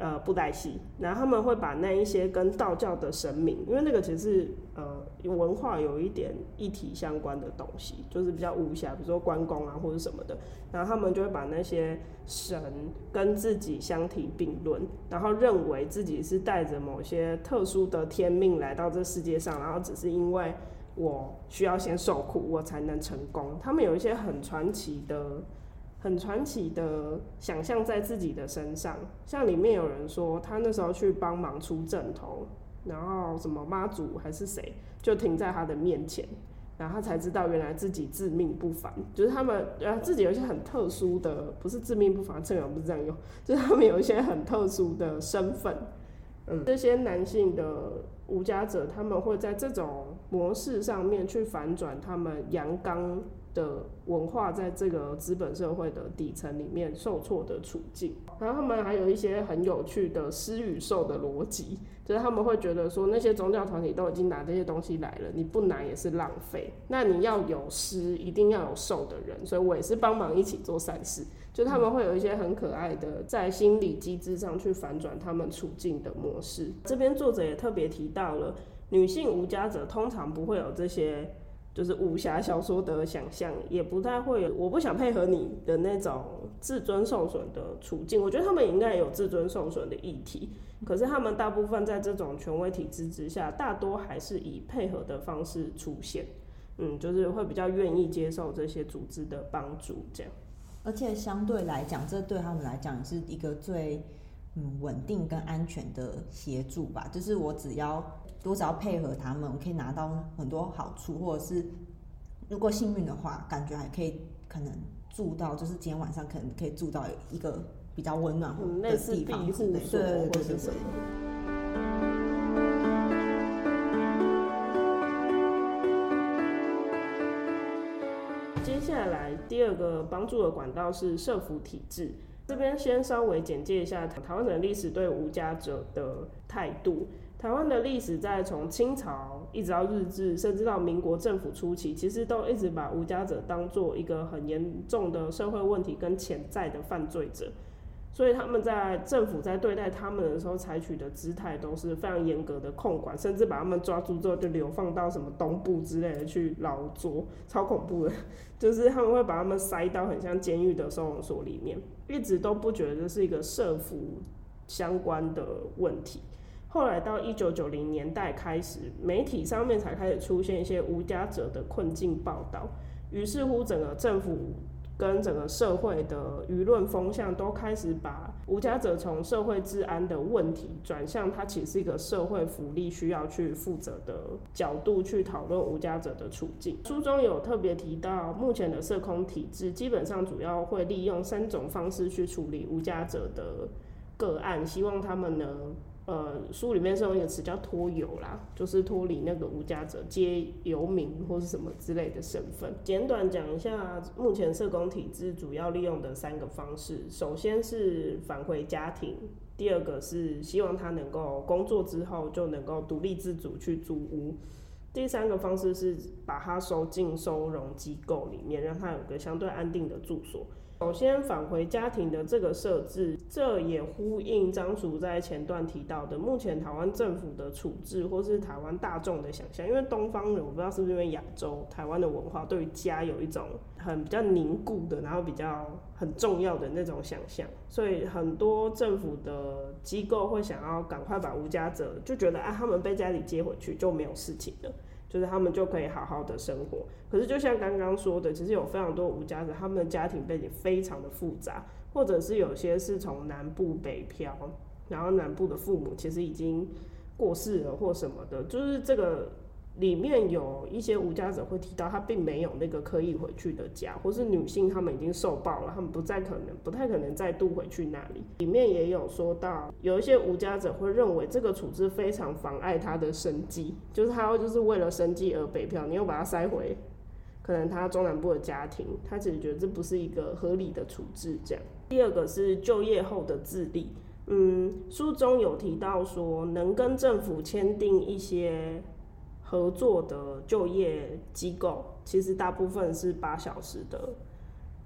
呃，布袋戲，然後他們會把那一些跟道教的神明，因為那個其實是呃文化有一點一體相關的東西，就是比較武俠，比如說關公啊或者什麼的，然後他們就會把那些神跟自己相提並論，然後認為自己是帶着某些特殊的天命來到這世界上，然後只是因為我需要先受苦，我才能成功。他們有一些很傳奇的。很傳奇的想象在自己的身上，像裡面有人說他那時候去幫忙出陣頭，然後什麼媽祖還是誰就停在他的面前，然後他才知道原來自己自命不凡，就是他們呃自己有一些很特殊的，不是自命不凡，這兩個不是這樣用，就是他們有一些很特殊的身份，嗯，這些男性的無家者，他們會在這種模式上面去反轉他們陽剛的文化，在這個資本社會的底層裡面受挫的處境，然後他們還有一些很有趣的施與受的邏輯，就是他們會覺得說那些宗教團體都已經拿這些東西來了，你不拿也是浪費。那你要有施，一定要有受的人，所以我也是幫忙一起做善事。就他們會有一些很可愛的，在心理機制上去反轉他們處境的模式。這邊作者也特別提到了，女性無家者通常不會有這些。就是武俠小說的想象也不太會，我不想配合你的那種自尊受損的處境。我覺得他們也應該有自尊受損的議題，可是他們大部分在這種權威體制之下，大多還是以配合的方式出現。嗯，就是會比較願意接受這些組織的幫助，這樣。而且相對來講，這對他們來講是一個最，嗯，穩定跟安全的協助吧。就是我只要。多少只要配合他們，我可以拿到很多好處，或者是如果幸運的話，感覺還可以可能住到，就是今天晚上可能可以住到一個比較溫暖或者地方之類、嗯、的，對或是什麼。接下來第二個幫助的管道是社福體制，這邊先稍微簡介一下台灣的歷史對無家者的態度。台灣的歷史在從清朝一直到日治，甚至到民國政府初期，其實都一直把無家者當做一個很嚴重的社會問題跟潛在的犯罪者，所以他們在政府在對待他們的時候，採取的姿態都是非常嚴格的控管，甚至把他們抓住之後就流放到什麼東部之類的去勞作，超恐怖的，就是他們會把他們塞到很像監獄的收容所裡面，一直都不覺得這是一個社福相關的問題。後來到一九九零年代開始，媒體上面才開始出現一些無家者的困境報道。於是乎，整個政府跟整個社會的輿論風向都開始把無家者從社會治安的問題，轉向它其實是一個社會福利需要去負責的角度去討論無家者的處境。書中有特別提到，目前的社工體制基本上主要會利用三種方式去處理無家者的個案，希望他們呢。呃，書裡面是用一個詞叫“脫遊”啦，就是脫離那個無家者皆游民或是什麼之類的身份。簡短講一下，目前社工體制主要利用的三個方式：首先是返回家庭；第二個是希望他能夠工作之後就能夠獨立自主去租屋；第三個方式是把他收進收容機構裡面，讓他有個相對安定的住所。首先返回家庭的這個設置，這也呼應張叔在前段提到的，目前台灣政府的處置或是台灣大眾的想象，因為東方人我不知道是不是因為亞洲，台灣的文化對於家有一種很比較凝固的，然後比較很重要的那種想象，所以很多政府的機構會想要趕快把無家者，就覺得啊他們被家裡接回去就沒有事情了。就是他們就可以好好的生活，可是就像剛剛說的，其實有非常多無家者，他們的家庭背景非常的複雜，或者是有些是從南部北漂，然後南部的父母其實已經過世了或什麼的，就是這個。裡面有一些無家者會提到，他並沒有那個可以回去的家，或是女性他們已經受暴了，他們不再可能、不太可能再度回去那裡。裡面也有說到，有一些無家者會認為這個處置非常妨礙他的生計，就是他就是為了生計而北漂，你又把他塞回可能他中南部的家庭，他其實覺得這不是一個合理的處置。這樣，第二個是就業後的自立。嗯，書中有提到說，能跟政府簽訂一些。合作的就業機構其實大部分是八小時的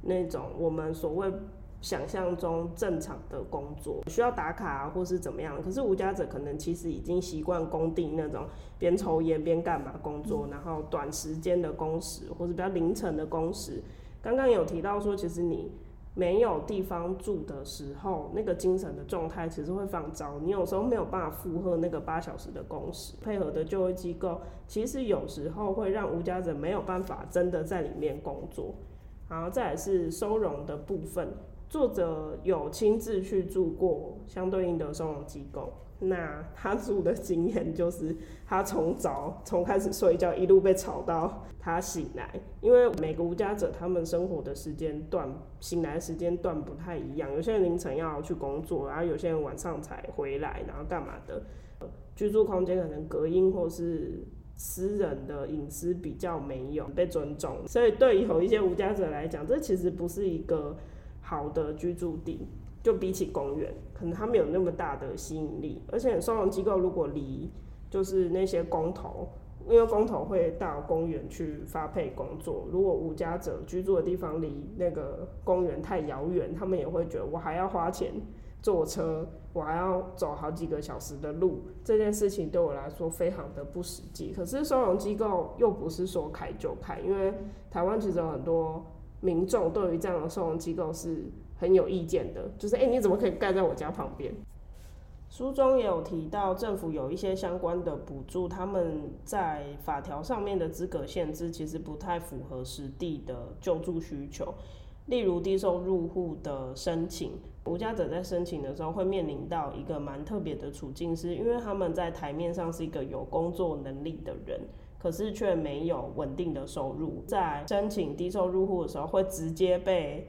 那種，我們所謂想象中正常的工作，需要打卡啊，或是怎麼樣。可是無家者可能其實已經習慣工地那種邊抽煙邊幹嘛工作，嗯、然後短時間的工時，或是比較凌晨的工時。剛剛有提到說，其實你。沒有地方住的時候，那個精神的狀態其實會放糟。你有時候沒有辦法負荷那個八小時的工時，配合的就業機構，其實有時候會讓無家者沒有辦法真的在裡面工作。然後再來是收容的部分，作者有親自去住過相對應的收容機構，那他住的經驗就是他從早從開始睡覺一路被吵到。他醒來，因為每個無家者他們生活的時間段、醒來的時間段不太一樣，有些人凌晨要去工作，然後有些人晚上才回來，然後幹嘛的，居住空間可能隔音或是私人的隱私比較沒有被尊重，所以對有一些無家者來講，這其實不是一個好的居住地。就比起公園，可能他沒有那麼大的吸引力。而且收容機構如果離就是那些工頭，因為工頭會到公園去發配工作，如果無家者居住的地方離那個公園太遙遠，他們也會覺得我還要花錢坐車，我還要走好幾個小時的路，這件事情對我來說非常的不實際。可是收容機構又不是說開就開，因為台灣其實有很多民眾對於這樣的收容機構是很有意見的，就是誒、欸，你怎麼可以蓋在我家旁邊？書中也有提到，政府有一些相關的補助，他們在法條上面的資格限制其實不太符合實地的救助需求。例如低收入戶的申請，無家者在申請的時候會面臨到一個蠻特別的處境，是因為他們在台面上是一個有工作能力的人，可是卻沒有穩定的收入，在申請低收入戶的時候會直接被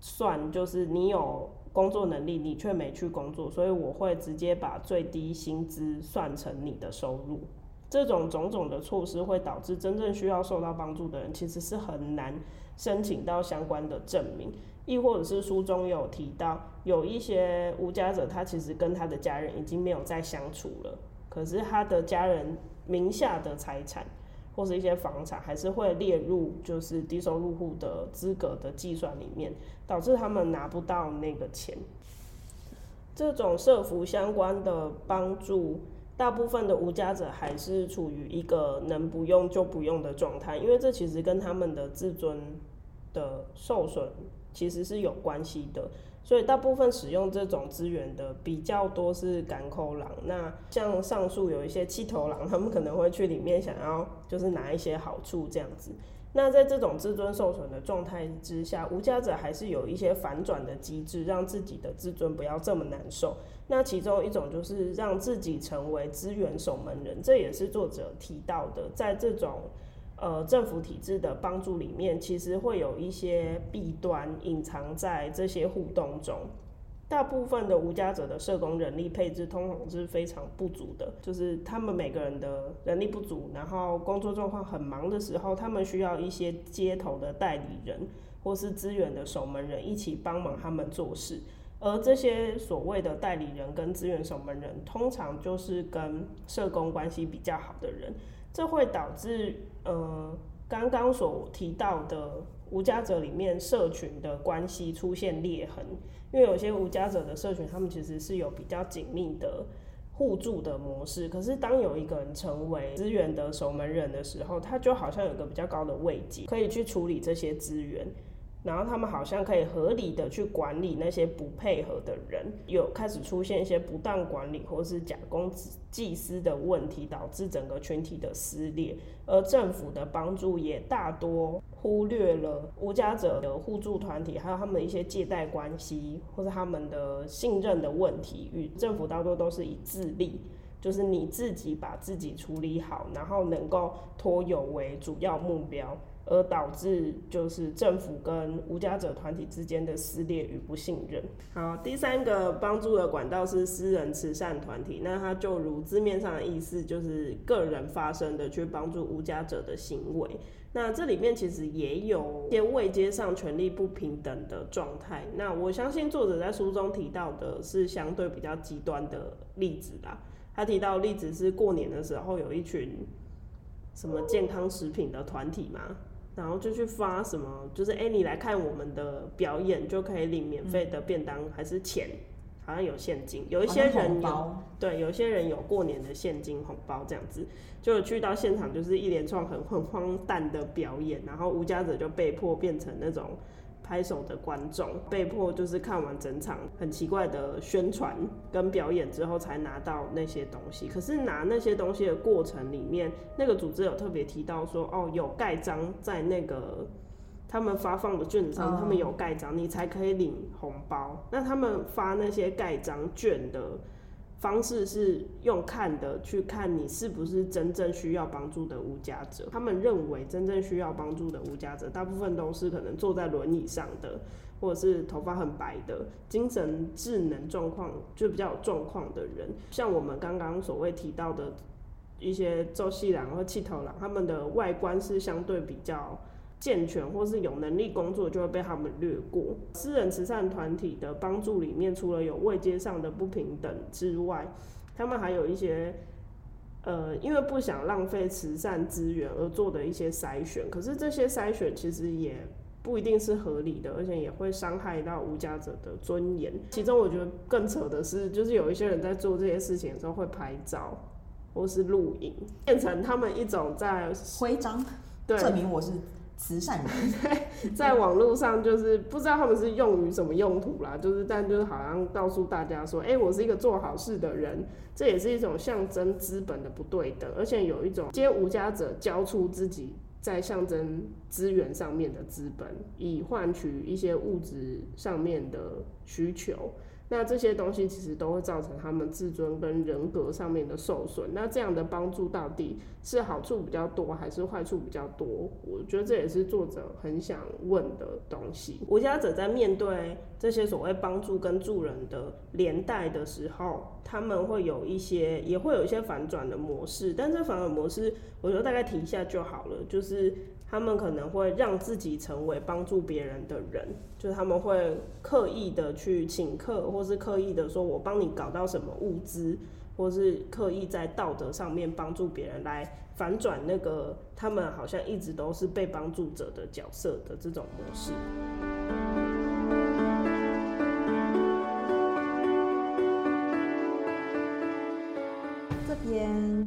算，就是你有。工作能力你卻沒去工作，所以我會直接把最低薪資算成你的收入。這種種種的措施會導致真正需要受到幫助的人其實是很難申請到相關的證明，亦或者是書中有提到，有一些無家者他其實跟他的家人已經沒有再相處了，可是他的家人名下的財產。或是一些房產，還是會列入就是低收入戶的資格的計算裡面，導致他們拿不到那個錢。這種社福相關的幫助，大部分的無家者還是處於一個能不用就不用的狀態，因為這其實跟他們的自尊的受損其實是有關係的。所以大部分使用這種資源的比較多是港口狼，那像上述有一些氣頭狼，他們可能會去裡面想要就是拿一些好處這樣子。那在這種自尊受損的狀態之下，無家者還是有一些反轉的機制，讓自己的自尊不要這麼難受。那其中一種就是讓自己成為資源守門人，這也是作者提到的，在這種。呃，政府體制的幫助裡面，其實會有一些弊端隱藏在這些互動中。大部分的無家者的社工人力配置通常是非常不足的，就是他們每個人的能力不足，然後工作狀況很忙的時候，他們需要一些街頭的代理人或是資源的守門人一起幫忙他們做事。而這些所謂的代理人跟資源守門人，通常就是跟社工關係比較好的人，這會導致。呃，剛剛所提到的無家者裡面社群的關係出現裂痕，因為有些無家者的社群，他們其實是有比較緊密的互助的模式。可是當有一個人成為資源的守門人的時候，他就好像有一個比較高的位置，可以去處理這些資源。然後他們好像可以合理的去管理那些不配合的人，有開始出現一些不當管理或是假公濟私的問題，導致整個群體的撕裂。而政府的幫助也大多忽略了無家者的互助團體，還有他們一些借貸關係或者他們的信任的問題。與政府大多都是以自立，就是你自己把自己處理好，然後能夠脫遊為主要目標。而導致就是政府跟無家者團體之間的撕裂與不信任。好，第三個幫助的管道是私人慈善團體，那它就如字面上的意思，就是個人發生的去幫助無家者的行為。那這裡面其實也有一些位階上權力不平等的狀態。那我相信作者在書中提到的是相對比較極端的例子啦。他提到的例子是過年的時候有一群什麼健康食品的團體嘛。然後就去發什麼，就是誒，你來看我們的表演，就可以領免費的便當，嗯、還是錢？好像有現金，有一些人有、啊、包對，有一些人有過年的現金紅包這樣子，就去到現場，就是一連串很很荒誕的表演，然後無家者就被迫變成那種。拍手的觀眾被迫就是看完整場很奇怪的宣傳跟表演之後，才拿到那些東西。可是拿那些東西的過程裡面，那個組織有特別提到說，哦，有蓋章在那個他們發放的卷子上，他們有蓋章，你才可以領紅包。那他們發那些蓋章卷的，方式是用看的，去看你是不是真正需要幫助的無家者。他們認為真正需要幫助的無家者，大部分都是可能坐在輪椅上的，或者是頭髮很白的，精神智能狀況就比較有狀況的人。像我們剛剛所謂提到的一些做戲郎或乞討郎，他們的外觀是相對比較。健全或是有能力工作，就會被他們掠過。私人慈善團體的幫助裡面，除了有位階上的不平等之外，他們還有一些，呃，因為不想浪費慈善資源而做的一些篩選。可是這些篩選其實也不一定是合理的，而且也會傷害到無家者的尊嚴。其中我覺得更扯的是，就是有一些人在做這些事情的時候會拍照或是錄影，變成他們一種在徽章，對證明我是。慈善在 在網絡上，就是不知道他們是用於什麼用途啦，就是，但就是好像告訴大家說，哎、欸，我是一個做好事的人，這也是一種象徵資本的不對等，而且有一種接「無家者交出自己在象徵資源上面的資本，以換取一些物質上面的需求。那這些東西其實都會造成他們自尊跟人格上面的受損。那這樣的幫助到底是好處比較多還是壞處比較多？我覺得這也是作者很想問的東西。無家者在面對這些所謂幫助跟助人的連帶的時候，他們會有一些，也會有一些反轉的模式。但這反轉模式，我覺得大概提一下就好了，就是。他們可能會讓自己成為幫助別人的人，就是他們會刻意的去請客，或是刻意的說“我幫你搞到什麼物資”，或是刻意在道德上面幫助別人，來反轉那個他們好像一直都是被幫助者的角色的這種模式。這邊。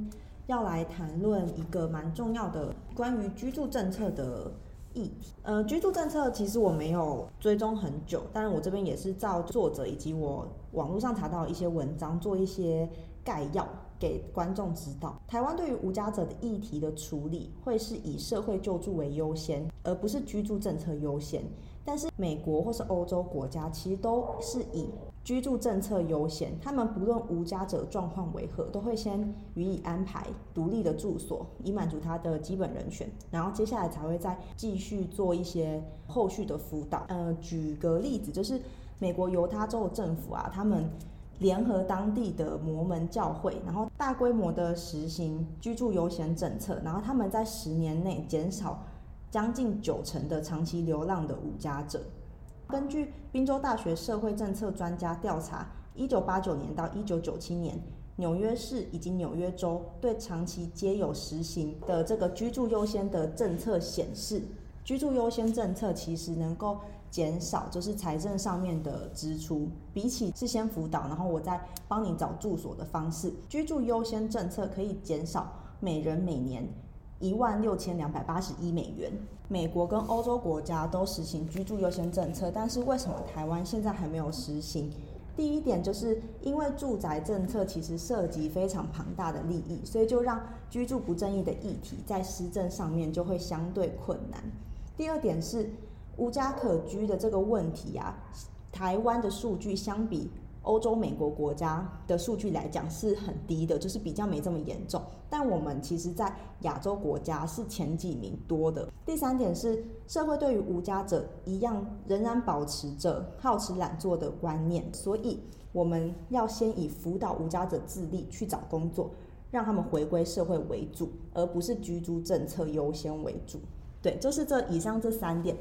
要來談論一個蠻重要的關於居住政策的議題。呃，居住政策其實我沒有追蹤很久，當然我這邊也是照作者以及我網絡上查到一些文章做一些概要給觀眾知道。台灣對於無家者的議題的處理會是以社會救助為優先，而不是居住政策優先。但是美國或是歐洲國家其實都是以。居住政策優先，他們不論無家者狀況為何，都會先予以安排獨立的住所，以滿足他的基本人權。然後接下來才會再繼續做一些後續的輔導。呃，舉個例子，就是美國猶他州政府啊，他們聯合當地的摩門教會，然後大規模的實行居住優先政策，然後他們在十年內減少將近九成的長期流浪的無家者。根據賓州大學社會政策專家調查，一九八九年到一九九七年，紐約市以及紐約州對長期皆有實行的這個居住優先的政策顯示，居住優先政策其實能夠減少就是財政上面的支出，比起事先輔導，然後我再幫你找住所的方式，居住優先政策可以減少每人每年，一萬六千兩百八十一美元。美國跟歐洲國家都實行居住優先政策，但是為什麼台灣現在還沒有實行？第一點就是因為住宅政策其實涉及非常龐大的利益，所以就讓居住不正義的議題在施政上面就會相對困難。第二點是無家可居的這個問題啊，台灣的數據相比。歐洲、美國國家的數據來講是很低的，就是比較沒這麼嚴重。但我們其實，在亞洲國家是前幾名多的。第三點是，社會對於無家者一樣仍然保持着好吃懶做的觀念，所以我們要先以輔導無家者自立去找工作，讓他們回歸社會為主，而不是居住政策優先為主。對，就是這以上這三點。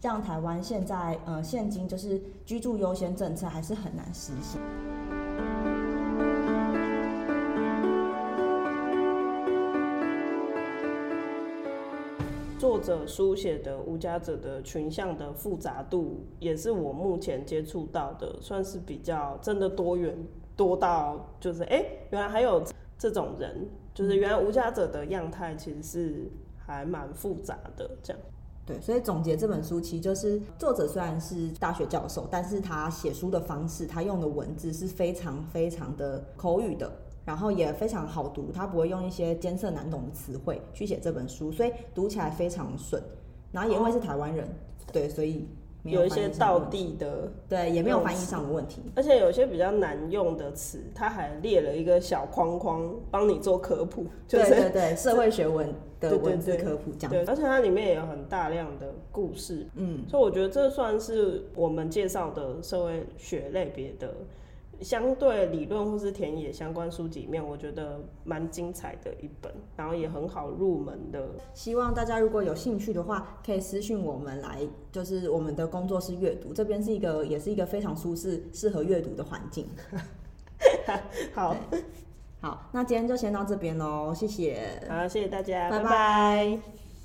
這樣，像台灣現在，呃，現今就是居住優先政策還是很難實現。作者書寫的無家者的群像的複雜度，也是我目前接觸到的，算是比較真的多元，多到就是，哎、欸，原來還有這種人，就是原來無家者的樣態其實是還蠻複雜的，這樣。對，所以總結這本書，其實就是作者雖然是大學教授，但是他寫書的方式，他用的文字是非常非常的口語的，然後也非常好讀，他不會用一些艱澀難懂的詞彙去寫這本書，所以讀起來非常順，然後也因為是台灣人，對，所以。有，有一些道地的，對，也沒有翻譯上的問題。而且有些比較難用的詞，它還列了一個小框框，幫你做科普。就是、對對對，社會學文的文字科普講對對對，而且它裡面也有很大量的故事。嗯，所以我覺得這算是我們介紹的社會學類別的，相對理論或是田野相關書籍裡面，我覺得蠻精彩的一本，然後也很好入門的。希望大家如果有興趣的話，可以私訊我們來，就是我們的工作室閱讀這邊是一個，也是一個非常舒適、適合閱讀的環境。 好好，那今天就先到這邊嘍，謝謝。好，謝謝大家，拜拜。拜拜